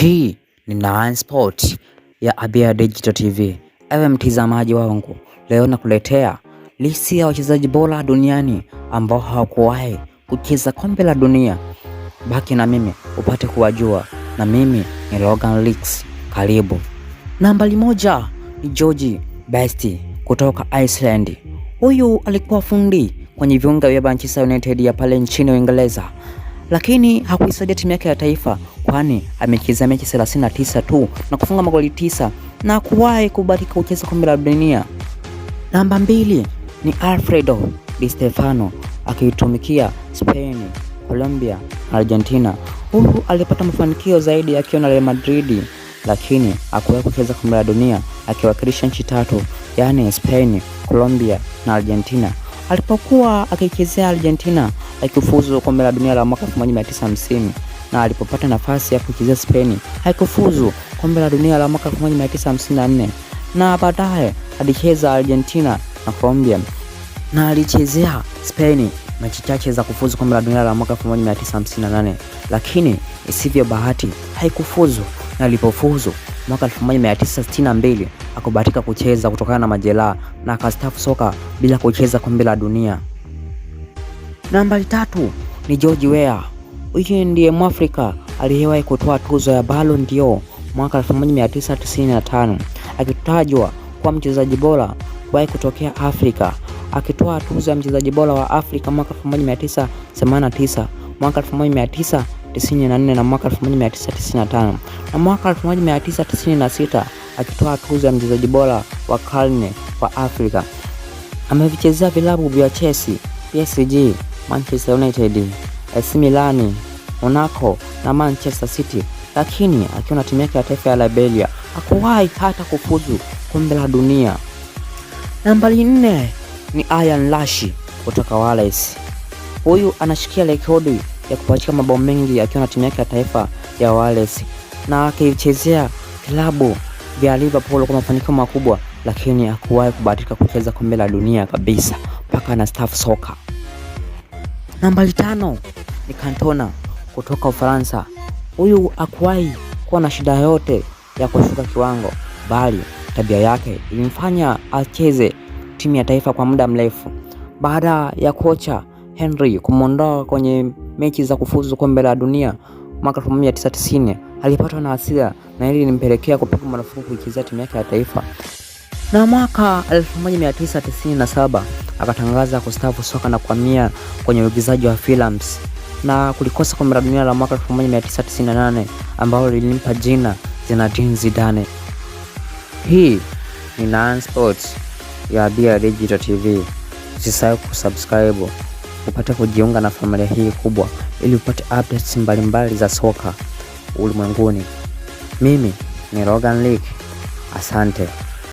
Hii ni Nine Sport ya Abia Digital TV. Ewe mtizamaji wangu, leo nakuletea lisi ya wachezaji bora duniani ambao hawakuwahi kucheza kombe la dunia. Baki na mimi upate kuwajua, na mimi ni Logan Leaks. Karibu. Nambari moja ni George Best kutoka Iceland. Huyu alikuwa fundi kwenye viunga vya Manchester United ya pale nchini Uingereza lakini hakuisaidia timu yake ya taifa, kwani amecheza mechi 39 tu na kufunga magoli tisa na kuwahi kubahatika kucheza kombe la dunia. Namba mbili ni Alfredo Di Stefano akiitumikia Spain, Colombia Argentina. Huyu alipata mafanikio zaidi akiwa na Real Madrid, lakini hakuwahi kucheza kombe la dunia akiwakilisha nchi tatu, yaani Spain, Colombia na Argentina alipokuwa akichezea Argentina haikufuzu kombe la dunia la mwaka 1950 na alipopata nafasi ya kuchezea Spain haikufuzu kombe la dunia la mwaka 1954 na baadaye alicheza Argentina na Colombia na alichezea Spain mechi chache za kufuzu kombe la dunia la mwaka 1958 lakini isivyo bahati haikufuzu na alipofuzu mwaka 1962 hakubahatika kucheza kutokana na majeraha na akastaafu soka bila kucheza kombe la dunia. Nambari tatu ni George Weah. Huyu ndiye Mwafrika aliyewahi kutoa tuzo ya Ballon d'Or mwaka 1995 akitajwa kuwa mchezaji bora kuwahi kutokea Afrika, akitoa tuzo ya mchezaji bora wa Afrika mwaka 1989, mwaka 1994 na mwaka 1995 na mwaka 1996 akitoa tuzo ya mchezaji bora wa karne wa Afrika. Amevichezea vilabu vya Chelsea, PSG, Manchester United, AC Milan, Monaco na Manchester City, lakini akiwa na timu yake ya taifa ya Liberia hakuwahi hata kufuzu kombe la dunia. Nambari nne ni Ian Rush kutoka Wales. Huyu anashikia rekodi ya kupachika mabao mengi akiwa na timu yake ya taifa ya Wales na akichezea klabu vya Liverpool kwa mafanikio makubwa, lakini hakuwahi kubahatika kucheza kombe la dunia kabisa mpaka na staff soka. Nambari tano ni Cantona kutoka Ufaransa. Huyu hakuwahi kuwa na shida yote ya kushuka kiwango, bali tabia yake ilimfanya acheze timu ya taifa kwa muda mrefu. Baada ya kocha Henry kumwondoa kwenye mechi za kufuzu kombe la dunia mwaka 1990 alipatwa na hasira na hili limpelekea kupigwa marufuku kuichezea timu yake ya taifa, na mwaka 1997 akatangaza kustaafu soka na kuhamia kwenye uigizaji wa films na kulikosa kombe la dunia la mwaka 1998 ambalo lilimpa jina Zinedine Zidane. Hii ni Nine Sports ya Bia Digital TV. Usisahau kusubscribe upate kujiunga na familia hii kubwa ili upate updates mbalimbali za soka ulimwenguni. Mimi ni Rogan League. Asante.